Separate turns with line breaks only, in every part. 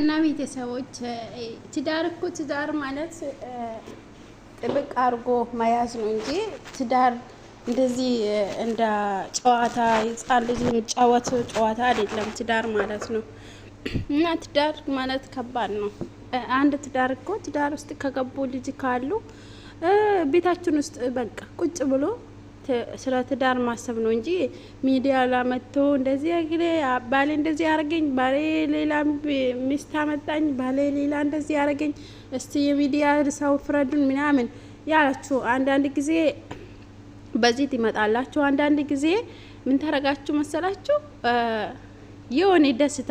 እና ቤተሰቦች ትዳር እኮ ትዳር ማለት ጥብቅ አድርጎ መያዝ ነው እንጂ ትዳር እንደዚህ እንደ ጨዋታ ህፃን ልጅ የሚጫወት ጨዋታ አይደለም። ትዳር ማለት ነው እና ትዳር ማለት ከባድ ነው። አንድ ትዳር እኮ ትዳር ውስጥ ከገቡ ልጅ ካሉ ቤታችን ውስጥ በቃ ቁጭ ብሎ ስለ ትዳር ማሰብ ነው እንጂ ሚዲያ ላመጥቶ እንደዚህ ግ ባሌ እንደዚህ አርገኝ፣ ባሌ ሌላ ሚስት አመጣኝ፣ ባሌ ሌላ እንደዚህ ያደረገኝ እስቲ የሚዲያ ሰው ፍረዱን ምናምን ያላችሁ አንዳንድ ጊዜ በዚህ ትመጣላችሁ። አንዳንድ ጊዜ ምን ታረጋችሁ መሰላችሁ የሆነ ደስታ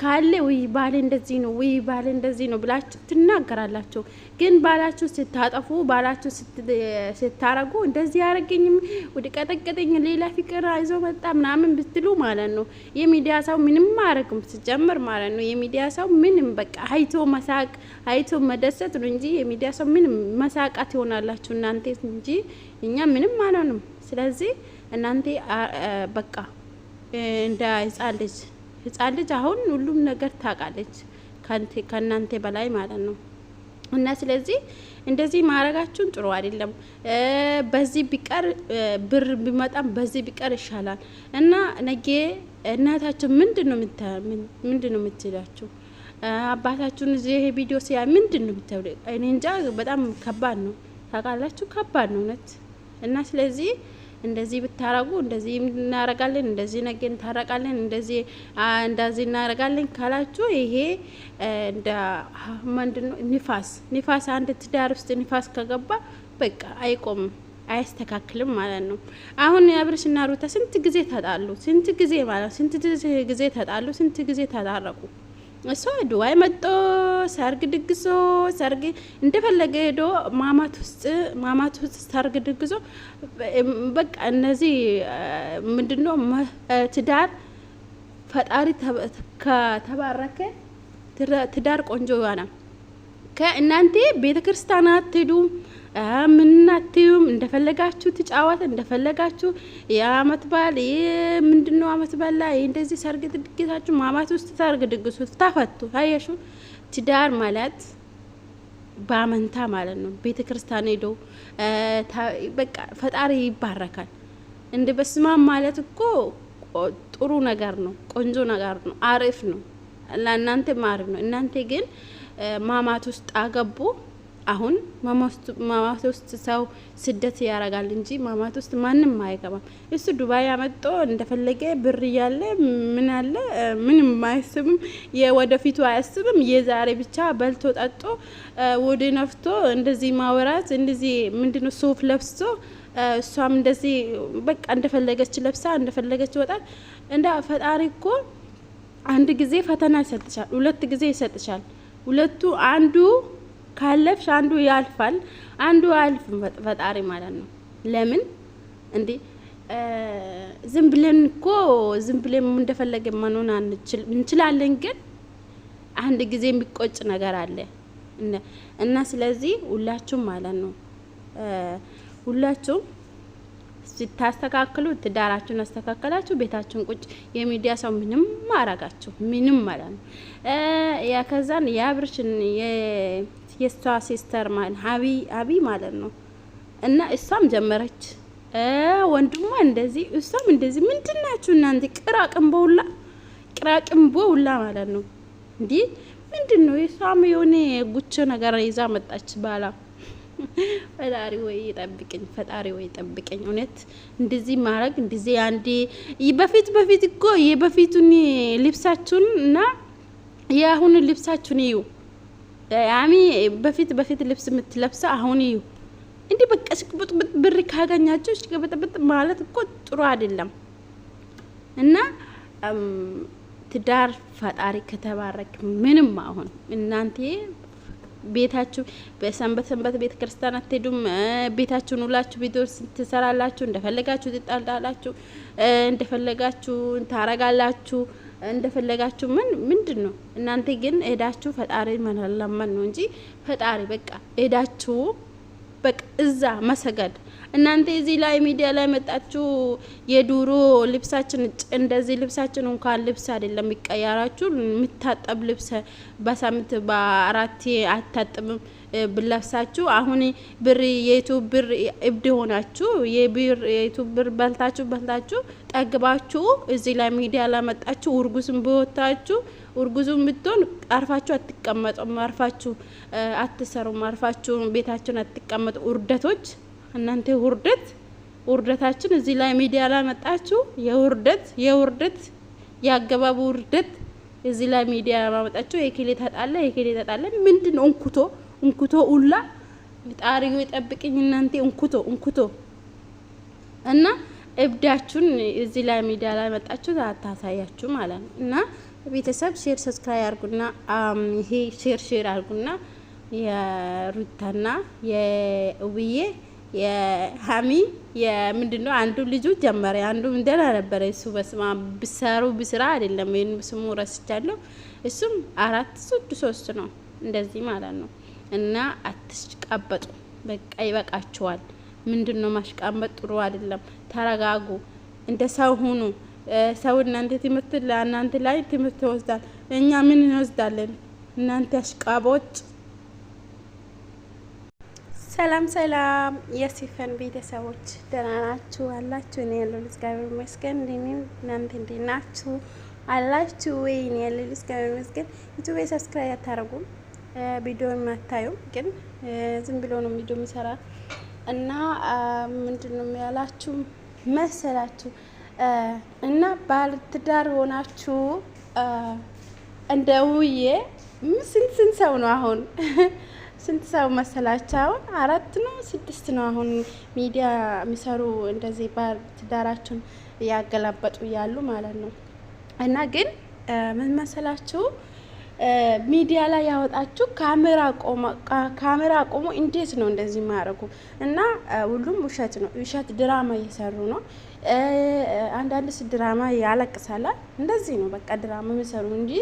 ካለ ውይ ባሌ እንደዚህ ነው፣ ውይ ባሌ እንደዚህ ነው ብላችሁ ትናገራላችሁ። ግን ባላችሁ ስታጠፉ፣ ባላችሁ ስታረጉ እንደዚህ ያረገኝም ወደ ቀጠቀጠኝ፣ ሌላ ፍቅር ይዞ መጣ ምናምን ብትሉ ማለት ነው የሚዲያ ሰው ምንም አያረግም ስጀምር ማለት ነው። የሚዲያ ሰው ምንም በቃ አይቶ መሳቅ አይቶ መደሰት ነው እንጂ የሚዲያ ሰው ምንም መሳቃት ይሆናላችሁ እናንተ እንጂ እኛ ምንም አልሆንም። ስለዚህ እናንተ በቃ እንደ ህጻን ልጅ ህፃን ልጅ አሁን ሁሉም ነገር ታውቃለች ከእናንተ በላይ ማለት ነው። እና ስለዚህ እንደዚህ ማድረጋችሁን ጥሩ አይደለም። በዚህ ቢቀር ብር ቢመጣም በዚህ ቢቀር ይሻላል። እና ነገ እናታችሁ ምንድን ነው የምትላችሁ? አባታችሁን እዚህ ይሄ ቪዲዮ ሲያ ምንድን ነው የምትብል? እኔ እንጃ። በጣም ከባድ ነው ታውቃላችሁ፣ ከባድ ነው እውነት እና ስለዚህ እንደዚህ ብታረጉ እንደዚህ እናረጋለን፣ እንደዚህ ነገ እንታረቃለን፣ እንደዚህ እንደዚህ እናረጋለን ካላችሁ ይሄ እንደ ምንድነው ንፋስ ንፋስ አንድ ትዳር ውስጥ ንፋስ ከገባ በቃ አይቆምም አያስተካክልም ማለት ነው። አሁን አብርሽና ሩታ ስንት ጊዜ ተጣሉ? ስንት ጊዜ ማለት ስንት ጊዜ ተጣሉ? ስንት ጊዜ ተጣረቁ? እሱ ዱባይ መጦ ሰርግ ድግሶ ሰርግ እንደፈለገ ሄዶ ማማት ውስጥ ማማት ውስጥ ሰርግ ድግሶ በቃ እነዚህ ምንድን ነው ትዳር ፈጣሪ ከተባረከ ትዳር ቆንጆ ይሆናል። ከእናንተ ቤተ ክርስቲያናት ትሄዱ ምናትዩም እንደፈለጋችሁ ትጫወት እንደፈለጋችሁ የአመት በዓል ምንድነው አመት በዓል ላይ እንደዚህ ሰርግ ድግታችሁ ማማት ውስጥ ሰርግ ድግሱ ተፈቱ። አየሹ ትዳር ማለት በአመንታ ማለት ነው። ቤተ ክርስቲያን ሄዶ በቃ ፈጣሪ ይባረካል። እንደ በስማም ማለት እኮ ጥሩ ነገር ነው፣ ቆንጆ ነገር ነው፣ አሪፍ ነው፣ ለእናንተ አሪፍ ነው። እናንተ ግን ማማት ውስጥ አገቡ። አሁን ማማት ውስጥ ሰው ስደት ያደርጋል እንጂ ማማት ውስጥ ማንም አይገባም። እሱ ዱባይ አመጦ እንደፈለገ ብር እያለ ምን አለ ምንም አያስብም፣ የወደፊቱ አያስብም። የዛሬ ብቻ በልቶ ጠጦ ወደ ነፍቶ እንደዚህ ማውራት እንደዚህ ምንድነው ሱፍ ለብሶ እሷም እንደዚህ በቃ እንደፈለገች ለብሳ እንደፈለገች ወጣት እንደ ፈጣሪ እኮ አንድ ጊዜ ፈተና ይሰጥሻል፣ ሁለት ጊዜ ይሰጥሻል። ሁለቱ አንዱ ካለፍሽ አንዱ ያልፋል፣ አንዱ አያልፍም። ፈጣሪ ማለት ነው። ለምን እንዴ ዝም ብለን እኮ ዝም ብለን እንደፈለገ መሆን እንችላለን፣ ግን አንድ ጊዜ የሚቆጭ ነገር አለ እና ስለዚህ ሁላችሁም ማለት ነው ሁላችሁም ስታስተካክሉ ትዳራችሁን አስተካከላችሁ ቤታችሁን ቁጭ የሚዲያ ሰው ምንም አረጋችሁ ምንም ማለት ነው ያ ከዛን የአብርሽን የእሷ ሲስተር ሀቢ ማለት ነው። እና እሷም ጀመረች ወንድሟ እንደዚህ እሷም እንደዚህ ምንድን ናችሁ እናንተ ቅራቅም በውላ ቅራቅም በውላ ማለት ነው። እንዲህ ምንድን ነው የሷም የሆነ ጉቾ ነገር ይዛ መጣች ባላ ፈጣሪ ወይ ጠብቀኝ፣ ፈጣሪ ወይ ጠብቀኝ። እውነት እንደዚህ ማድረግ እንደዚህ አንዴ በፊት በፊት እኮ የበፊቱን ልብሳችሁን እና የአሁን ልብሳችሁን እዩ አሚ በፊት በፊት ልብስ የምትለብሰ አሁን እዩ እንዲህ በቃ ሽቅብጥብጥ ብር ካገኛቸው ሽቅብጥብጥ ማለት እኮ ጥሩ አይደለም። እና ትዳር ፈጣሪ ከተባረክ ምንም አሁን እናንተ ቤታችሁ በሰንበት ሰንበት ቤተ ክርስቲያን አትሄዱም። ቤታችሁን ውላችሁ ቤቶች ትሰራላችሁ፣ እንደፈለጋችሁ ትጣላላችሁ፣ እንደፈለጋችሁ ታረጋላችሁ። እንደፈለጋችሁ ምን ምንድን ነው እናንተ ግን ሄዳችሁ ፈጣሪ መለመን ነው እንጂ ፈጣሪ በቃ ሄዳችሁ በቃ እዛ መሰገድ። እናንተ እዚህ ላይ ሚዲያ ላይ መጣችሁ የዱሮ ልብሳችን እንደዚህ ልብሳችን እንኳን ልብስ አይደለም ይቀያራችሁ የምታጠብ ልብስ በሳምንት በአራት አታጥብም ብለብሳችሁ አሁን ብር የዩቱብ ብር እብድ ሆናችሁ የብር የዩቱብ ብር በልታችሁ በልታችሁ ጠግባችሁ እዚህ ላይ ሚዲያ ላመጣችሁ እርጉዝም ብወታችሁ እርጉዙም ብትሆን አርፋችሁ አትቀመጡም፣ አርፋችሁ አትሰሩም፣ አርፋችሁ ቤታችሁን አትቀመጡ። ውርደቶች እናንተ ውርደት ውርደታችን እዚህ ላይ ሚዲያ ላመጣችሁ የውርደት የውርደት የአገባብ ውርደት እዚህ ላይ ሚዲያ ላመጣችሁ የኬሌ ታጣለ የኬሌ ታጣለ ምንድን ነው እንኩቶ እንኩቶ ሁላ ጣሪው የጠብቅኝ እናንተ እንኩቶ እንኩቶ እና እብዳችሁን እዚህ ላይ ሚዲያ ላይ መጣችሁ አታሳያችሁ ማለት ነው። እና ቤተሰብ ሼር ሰብስክራይ አርጉና ይሄ ሼር ሼር አርጉና የሩታና የውብዬ የሀሚ የምንድን ነው አንዱ ልጁ ጀመረ አንዱ እንደና ነበረ እሱ በስማ ብሰሩ ብስራ አይደለም ወይም ስሙ ረስቻለሁ። እሱም አራት ሱድ ሶስት ነው እንደዚህ ማለት ነው። እና አትሽቃበጡ፣ በቃ ይበቃችኋል። ምንድን ነው ማሽቃመጥ ጥሩ አይደለም። ተረጋጉ፣ እንደ ሰው ሁኑ። ሰው እናንተ ትምህርት ለእናንተ ላይ ትምህርት ይወስዳል። እኛ ምን እንወስዳለን? እናንተ አሽቃቦች። ሰላም ሰላም፣ የሲፈን ቤተሰቦች ደህና ናችሁ አላችሁ? እኔ ያለው እግዚአብሔር ይመስገን። እንዲኔም እናንተ እንዴት ናችሁ አላችሁ ወይ? እኔ ያለው እግዚአብሔር ይመስገን። ዩቲዩብ ሰብስክራይብ አታደርጉም፣ ቪዲዮ አታዩም፣ ግን ዝም ብሎ ነው ቪዲዮ የሚሰራ እና ምንድን ነው ያላችሁ መሰላችሁ እና ባለትዳር ሆናችሁ እንደ ውዬ ስንት ስንት ሰው ነው አሁን ስንት ሰው መሰላችሁ? አሁን አራት ነው ስድስት ነው አሁን ሚዲያ የሚሰሩ እንደዚህ ባለትዳራችሁን እያገላበጡ ያሉ ማለት ነው። እና ግን ምን መሰላችሁ ሚዲያ ላይ ያወጣችሁ ካሜራ ቆሞ እንዴት ነው እንደዚህ የማያደርጉ እና ሁሉም ውሸት ነው፣ ውሸት ድራማ እየሰሩ ነው። አንዳንድስ ድራማ ያለቅሳላል። እንደዚህ ነው በቃ ድራማ የሚሰሩ እንጂ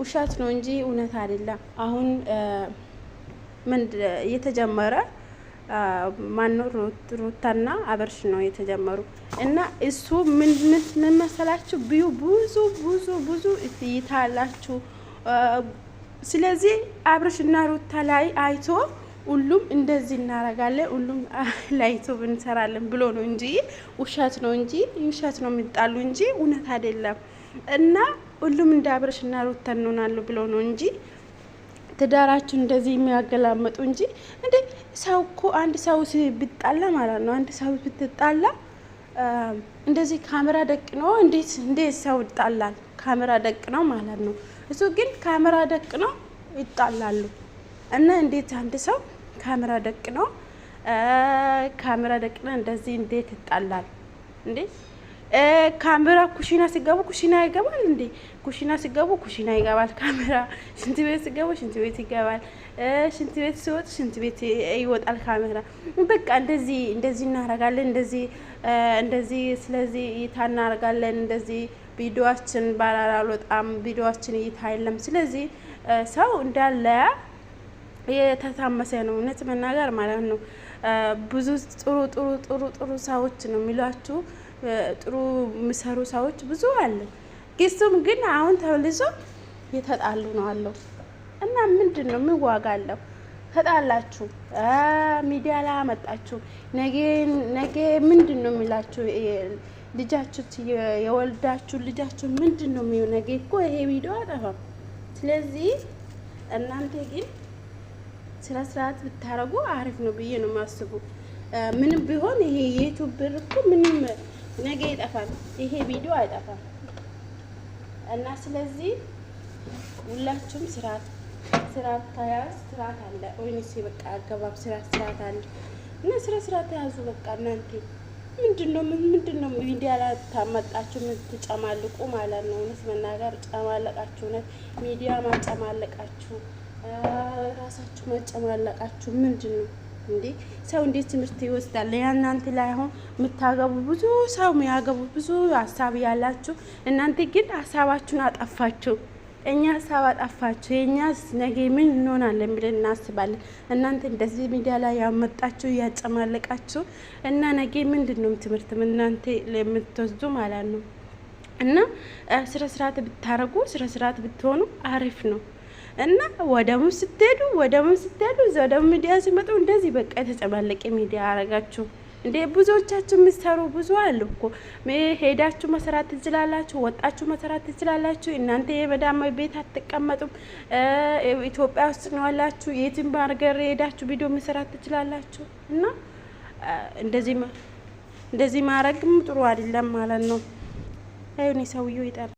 ውሸት ነው እንጂ እውነት አይደለም። አሁን ምን እየተጀመረ ማነው ሩታና አበርሽ ነው የተጀመሩ እና እሱ ምን መሰላችሁ ብዩ ብዙ ብዙ ብዙ እይታ አላችሁ። ስለዚህ አብርሽና ሩታ ላይ አይቶ ሁሉም እንደዚህ እናረጋለን ሁሉም ላይቶ እንሰራለን ብሎ ነው እንጂ ውሸት ነው እንጂ ውሸት ነው የሚጣሉ እንጂ እውነት አይደለም። እና ሁሉም እንደ አብርሽና ሩታ እንሆናሉ ብሎ ነው እንጂ ትዳራችሁ እንደዚህ የሚያገላመጡ እንጂ እንዴ ሰው እኮ አንድ ሰው ብጣላ ማለት ነው። አንድ ሰው ብትጣላ እንደዚህ ካሜራ ነው። እንዴት እንዴት ሰው ይጣላል? ካሜራ ደቅ ነው ማለት ነው። እሱ ግን ካሜራ ደቅ ነው ይጣላሉ። እና እንዴት አንድ ሰው ካሜራ ደቅ ነው ካሜራ ደቅ ነው እንደዚህ እንዴት ይጣላል እንዴት ካሜራ ኩሽና ሲገቡ ኩሽና ይገባል እንዴ? ኩሽና ሲገቡ ኩሽና ይገባል ካሜራ። ሽንት ቤት ሲገቡ ሽንት ቤት ይገባል። ሽንት ቤት ሲወጡ ሽንት ቤት ይወጣል ካሜራ። በቃ እንደዚህ እንደዚህ እናረጋለን፣ እንደዚህ እንደዚህ፣ ስለዚህ እይታ እናረጋለን። እንደዚህ ቪዲዮችን ባላላ አልወጣም፣ ቪዲዮችን እይታ የለም። ስለዚህ ሰው እንዳለ የተታመሰ ነው። እውነት መናገር ማለት ነው። ብዙ ጥሩ ጥሩ ጥሩ ጥሩ ሰዎች ነው የሚሏችሁ ጥሩ የሚሰሩ ሰዎች ብዙ አሉ። ግሱም ግን አሁን ተልዞ የተጣሉ ነው አለው እና ምንድን ነው ምን ዋጋ አለው? ተጣላችሁ፣ ሚዲያ ላይ አመጣችሁ፣ ነገ ምንድን ነው የሚላችሁ? ልጃችሁ የወልዳችሁ ልጃችሁ ምንድን ነው ነገ እኮ ይሄ ቪዲዮ አጠፋም። ስለዚህ እናንተ ግን ስለ ስርዓት ብታረጉ አሪፍ ነው ብዬ ነው የማስቡ። ምንም ቢሆን ይሄ የዩቱብ ብር እኮ ምንም ነገ ይጠፋል፣ ይሄ ቪዲዮ አይጠፋም እና ስለዚህ ሁላችሁም ስርዓት ስርዓት ተያዝ፣ ስርዓት አለ ኦይኒስ በቃ አገባብ ስርዓት ስርዓት አለ እና ስራ ስራ ተያዙ። በቃ እናንተ ምንድነው ምን ምንድነው ሚዲያ ላይ ታመጣችሁ የምትጨማልቁ ማለት ነው። እውነት መናገር ጨማለቃችሁ፣ እውነት ሚዲያ ማጨማለቃችሁ፣ ራሳችሁ ማጨማለቃችሁ ምንድነው? እንዴ ሰው እንዴት ትምህርት ይወስዳል? እናንተ ላይ አሁን የምታገቡ ብዙ ሰው የሚያገቡ ብዙ ሀሳብ ያላችሁ እናንተ ግን ሀሳባችሁን አጠፋችሁ። እኛ ሀሳብ አጠፋችሁ። የእኛስ ነገ ምን እንሆናለን ብለን እናስባለን። እናንተ እንደዚህ ሚዲያ ላይ ያመጣችሁ እያጨማለቃችሁ እና ነገ ምንድን ነው ትምህርት እናንተ የምትወስዱ ማለት ነው እና ስነ ስርዓት ብታረጉ ስነ ስርዓት ብትሆኑ አሪፍ ነው። እና ወደሙ ስትሄዱ ወደሙ ስትሄዱ ወደ ሚዲያ ሲመጡ እንደዚህ በቃ የተጨማለቀ ሚዲያ አረጋችሁ። እንዴ ብዙዎቻችሁ የሚሰሩ ብዙ አሉ እኮ ሄዳችሁ መስራት ትችላላችሁ፣ ወጣችሁ መሰራት ትችላላችሁ። እናንተ የመዳማዊ ቤት አትቀመጡም። ኢትዮጵያ ውስጥ ነው ያላችሁ፣ የትም ባርገር ሄዳችሁ ቪዲዮ መሰራት ትችላላችሁ። እና እንደዚህ እንደዚህ ማድረግም ጥሩ አይደለም ማለት ነው። ይሁን ሰውዬው ይጠራ